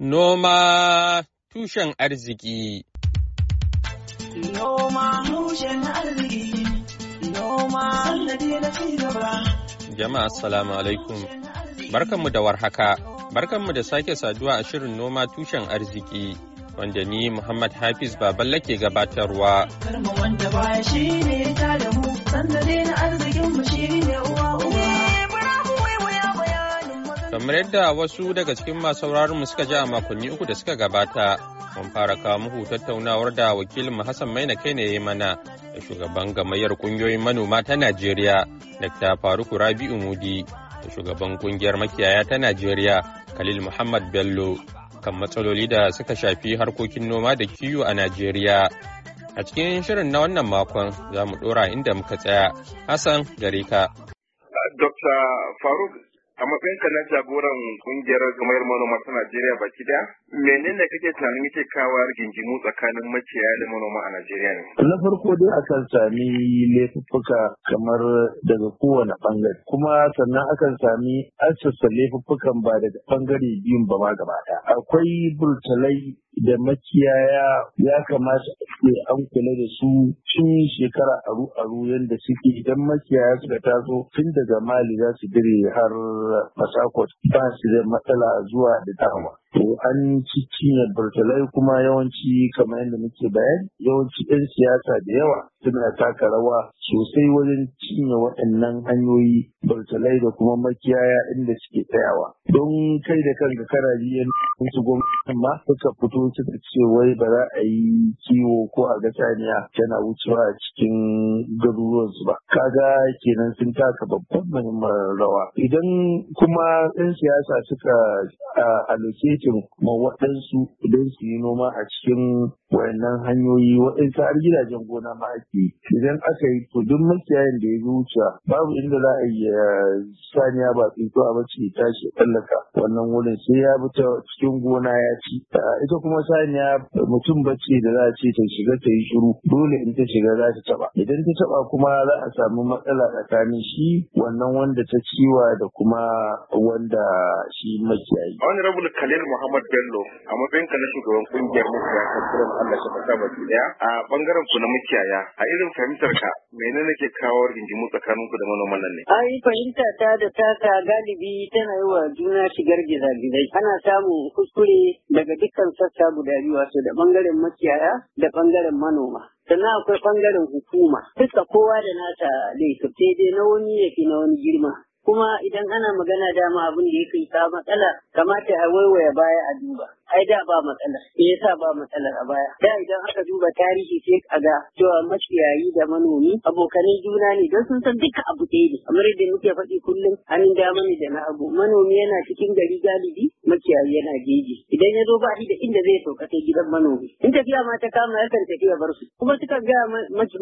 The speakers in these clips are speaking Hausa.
Noma tushen arziki. Noma tushen arziki. Noma ci gaba. Jama'a assalamu alaikum. Barkanmu da warhaka. Barkanmu da sake saduwa a shirin noma tushen arziki. Wanda ni Muhammad Hafiz Baballa ke gabatarwa. Karma wanda baya shi ne ta da mu, sannadi na arzikin mu shi ne uwa uwa. kamar yadda wasu daga cikin masu mu suka ji a makonni uku da suka gabata mun fara kawo muku tattaunawar da wakilin hassan maina kai ne mana da shugaban gamayyar kungiyoyin manoma ta najeriya dr faruku rabi'u mudi da shugaban kungiyar makiyaya ta najeriya khalil muhammad bello kan matsaloli da suka shafi harkokin noma da kiwo a najeriya a cikin shirin na wannan makon za mu dora inda muka tsaya hassan gare ka Dr. Faruk a ka na jagoran kungiyar gamayar manoma ta Najeriya baki daya menene kake tunanin yake kawo rigingimu tsakanin makiyaya da manoma a Najeriya ne na farko dai akan sami laifuffuka kamar daga kowane bangare kuma sannan akan sami asassa laifuffukan ba daga bangare biyun ba ma gaba akwai burtalai da makiyaya ya kamata ce an kula da su tun shekara aru aru yadda suke idan makiyaya suka taso tun daga mali za su dire har masakot ba su da matsala zuwa da dama to an ci cinyar burtalai kuma yawanci kamar yadda muke bayani yawanci 'yan siyasa da yawa suna taka rawa sosai wajen cinye waɗannan hanyoyi burtalai da kuma makiyaya inda suke tsayawa don kai da kanka kana biyan su gwamnati ma suka fito suka ce wai ba za a yi kiwo ko a ga saniya tana wucewa a cikin garuruwansu ba kaga kenan sun taka babban muhimmar rawa idan kuma 'yan siyasa suka aloke aikin kuma waɗansu idan su yi noma a cikin wayannan hanyoyi waɗansu har gidajen gona ma ake idan aka yi to duk makiyayin da ya zo wuce babu inda za a yi eh, saniya ba tsinto a bace ya tashi tsallaka wannan wurin sai ya bi ta cikin gona ya ci ah, ita kuma saniya mutum bace da za a ce ta shiga ta yi shiru dole in ta shiga za ta taɓa idan ta taɓa kuma za a samu matsala tsakanin shi wannan wanda ta ciwa da kuma wanda shi makiyayi. Honorable Khalil Muhammad Bello a matsayin na shugaban kungiyar makiya kan kuren Allah shi ba baki daya a bangaren ku na mukiyaya a irin fahimtar ka menene ke kawo rigingimu tsakanin ku da manoman nan ne. Ai fahimta ta da taka galibi tana yi wa juna shigar gizagizai ana samun kuskure daga dukkan sassa guda biyu wato da bangaren makiyaya da bangaren manoma. sannan akwai bangaren hukuma duka kowa da nata laifin sai dai na wani ya fi na wani girma kuma idan ana magana dama abin da ya kai ta matsala kamata a waiwaye baya a duba ai da ba matsala me yasa ba matsala a baya da idan aka duba tarihi sai a ga cewa makiyayi da manomi abokanai juna ne don sun san duka abu ɗaya ne kamar yadda muke faɗi kullum hannun dama ne da na abu manomi yana cikin gari galibi makiyayi yana jeji idan ya zo ba shi da inda zai sauka sai gidan manomi in tafiya ma ta kama yakan tafiya bar su kuma suka ga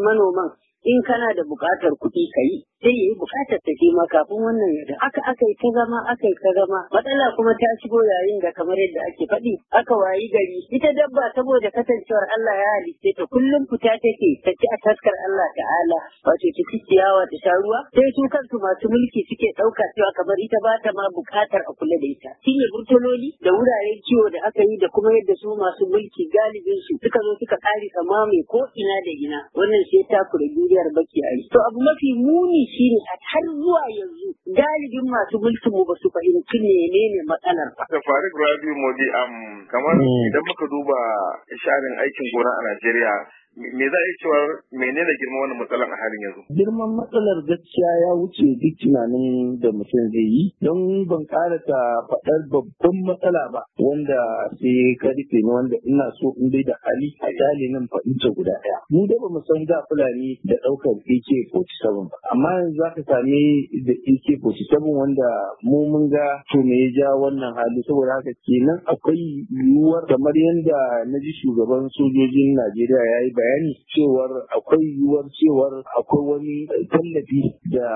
manoman in kana da bukatar kuɗi ka yi sai ya yi buƙatar ta ma kafin wannan yadda aka aka yi ta zama aka yi ta zama matsala kuma ta shigo yayin da kamar yadda ake faɗi aka wayi gari ita dabba saboda kasancewar Allah ya halitta ta kullum fita take ta ci a taskar Allah ta'ala wato ta ci ciyawa ta sha ruwa sai su kansu masu mulki suke ɗauka cewa kamar ita ba ta ma bukatar a kula da ita shine burtololi da wuraren kiwo da aka yi da kuma yadda su masu mulki galibin su suka zo suka kare kama mai ko ina da ina wannan sai ta kurege kungiyar baki a yi. To abu mafi muni shine har zuwa yanzu galibin masu mulkin mu ba su fahimci menene matsalar ba. Da faru Rabi Modi am kamar mm. idan muka duba sharin aikin gona a Najeriya me za a cewa menene girman wannan matsalar a halin yanzu? Girman matsalar gaskiya ya wuce duk tunanin da mutum zai yi don ban ta faɗar babban matsala ba wanda sai ka rufe ni wanda ina so in bai da hali a dalilin faɗinta guda ɗaya. Mu da ba mu san da Fulani da ɗaukar AK-47 ba. Amma yanzu za ka same da AK-47 wanda mu mun ga to me ya ja wannan hali saboda haka kenan akwai yiwuwar kamar yadda na ji shugaban sojojin Najeriya ya yi bayani bayani cewar akwai yiwuwar cewar akwai wani tallafi da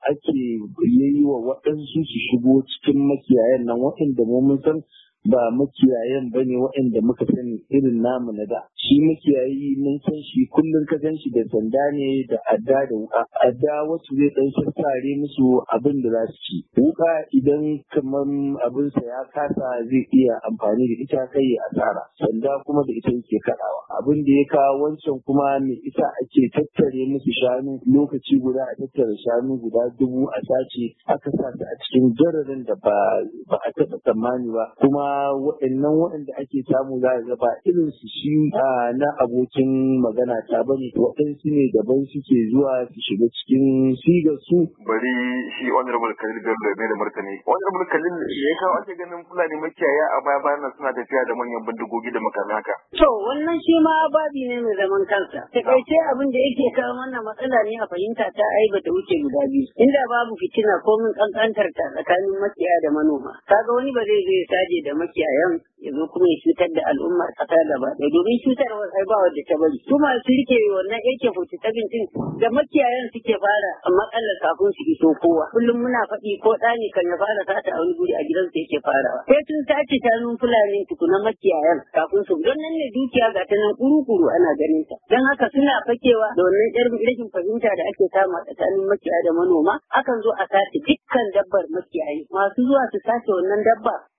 ake yi wa waɗansu su shigo cikin makiyayan nan waɗanda mu mun san ba makiyayen ba ne waɗanda muka sani irin namu na da. Shi makiyayi mun san shi kullum ka gan shi da sanda ne da adda da wuka. Adda wasu zai ɗan sassare musu abin da za su ci. Wuka idan kamar abinsa ya kasa zai iya amfani da ita kai ya asara. Sanda kuma da ita yake kaɗawa. Abin da ya kawo wancan kuma mai ita ake tattare musu shanu lokaci guda a tattara shanu guda dubu a sace aka sa su a cikin jararin da ba a taɓa tsammani ba. Kuma waɗannan waɗanda ake samu za a gaba irin su shi na abokin magana ta bane waɗansu ne daban suke zuwa su shiga cikin sigar su. Bari shi Honorable kalil Bello ya da martani. Honorable Khalil ya kawo ake ganin Fulani makiyaya a baya bayan suna tafiya da manyan bindigogi da makamai haka. To wannan shi ma babi ne mai zaman kansa. Takaice abin da yake kawo wannan matsala ne a fahimta ta ai bata wuce guda biyu. Inda babu fitina ko min kankantar ta tsakanin makiyaya da manoma. Kaga wani ba zai zai saje da makiyayan ya zo kuma ya cutar da al'ummar kasa gaba da domin cutar ai ba wadda ta bari su masu rike wannan yake hoci ta bincin da makiyayan suke fara matsalar kafin su iso kowa kullum muna faɗi ko ɗani kan ya fara sata a wani guri a gidansa yake farawa sai sun sace nun fulani tukuna makiyayan kafin su don nan ne dukiya ga ta nan kuru-kuru ana ganin ta don haka suna fakewa da wannan yar rashin fahimta da ake samu tsakanin makiyaya da manoma akan zo a sace dukkan dabbar makiyayi masu zuwa su sace wannan dabba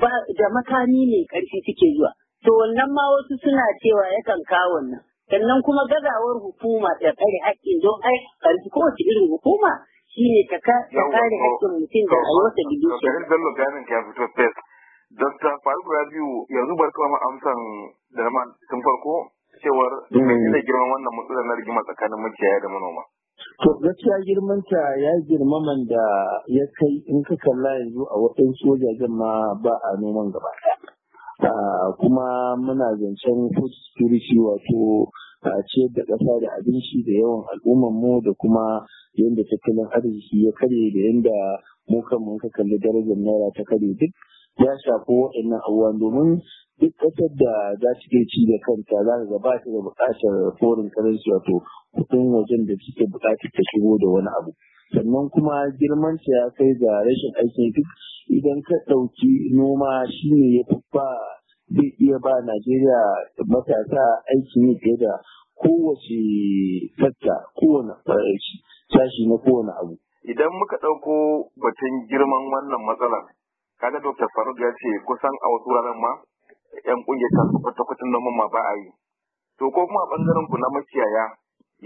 da makami ne ƙarfi suke zuwa to wannan ma wasu suna cewa yakan kawo wannan sannan kuma gazawar hukuma ta kare haƙƙin don ai ƙarfi kowace irin hukuma shine ta kare haƙƙin mutum da aiwata da dukiya. Garin Bello Ganin ya fito fes. Dokta Faruk Rabiu yanzu bar kama amsan da na tun farko cewar me ne girman wannan matsalar na rigima tsakanin makiyaya da manoma. To gaskiya girmanta ya girmaman da ya kai in ka kalla yanzu a wajen soja ma ba a noman gaba ah, kuma muna zancen food security wato a ciyar da ƙasa da abinci da yawan al'ummar mu da kuma yadda tattalin arziki ya kare da yadda mu kan mun ka kalli darajar naira ta kare duk ya shafi waɗannan abubuwan domin duk ƙasar da za ta iya ci da kanta za ka gaba ta da buƙatar foreign currency wato kuɗin wajen da suke buƙatar ta shigo da wani abu sannan kuma girman ta ya kai ga rashin aikin duk idan ka ɗauki noma shine ya fi ba zai iya ba Najeriya matasa aiki yi fiye da kowace fatta kowane sashi na kowane abu. Idan muka ɗauko batun girman wannan matsalar, kaga Dr. Faruk ya ce kusan a wasu wuraren ma yan kungiyar kasu kwata-kwatan na ma ba a yi to ko kuma a bangaren ku na makiyaya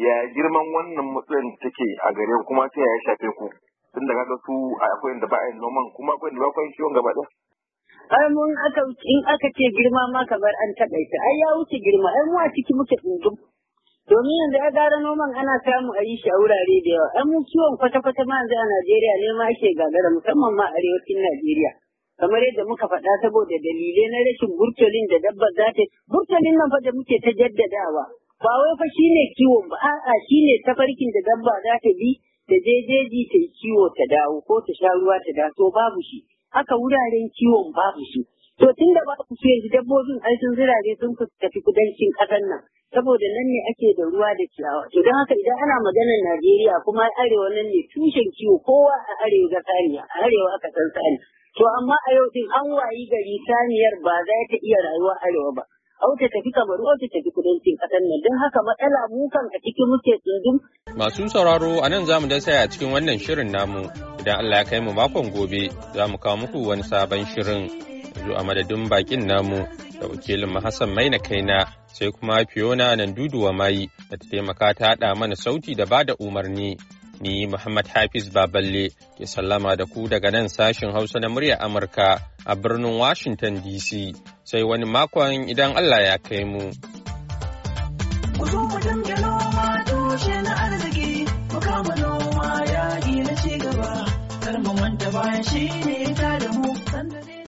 ya girman wannan matsayin take a gare ku kuma ta ya shafe ku tun da ga su akwai inda ba a yin noman kuma akwai inda ba ku yin ciwon gaba ɗaya ai mun aka in aka ce girma ma kamar an ita ai ya wuce girma ai mu a ciki muke tsundum domin yanzu ya gara noman ana samu a yi shi a wurare da yawa ai mu kiwon kwata-kwata ma yanzu a Najeriya ne ma ake gagara musamman ma arewacin Najeriya kamar yadda muka faɗa saboda dalilai na rashin burtolin da dabba za ta burtolin nan fa da muke ta jaddadawa ba wai fa shine kiwon ba a'a shine tafarkin da dabba za ta bi da jejeji ta yi kiwo ta dawo ko ta sha ruwa ta dawo babu shi haka wuraren kiwon babu shi To tun da ba ku shi dabbobin ai sun zirage sun tafi kudancin ƙasar nan. Saboda nan ne ake da ruwa da ciyawa. To don haka idan ana maganar Najeriya kuma arewa nan ne tushen kiwo kowa a arewa ga saniya, a arewa aka san saniya. To amma a yau din an wayi gari saniyar ba za ta iya rayuwa arewa ba. au ta tafi kamaru au ta tafi kudancin ƙasar nan don haka matsala mu kan a cikin muke tsundum. Masu sauraro a nan zamu mu saya a cikin wannan shirin namu idan Allah ya kai mu makon gobe za mu kawo muku wani sabon shirin. zo a madadin bakin namu da wakilin Hassan Maina Kaina sai kuma Fiona duduwa mai da ta taimaka ta haɗa mana sauti da bada umarni. Ni Muhammad Hafiz Baballe ke sallama da ku daga nan sashin Hausa na murya Amurka a birnin Washington DC sai wani makon idan Allah ya kai mu. shi ne ta da mu.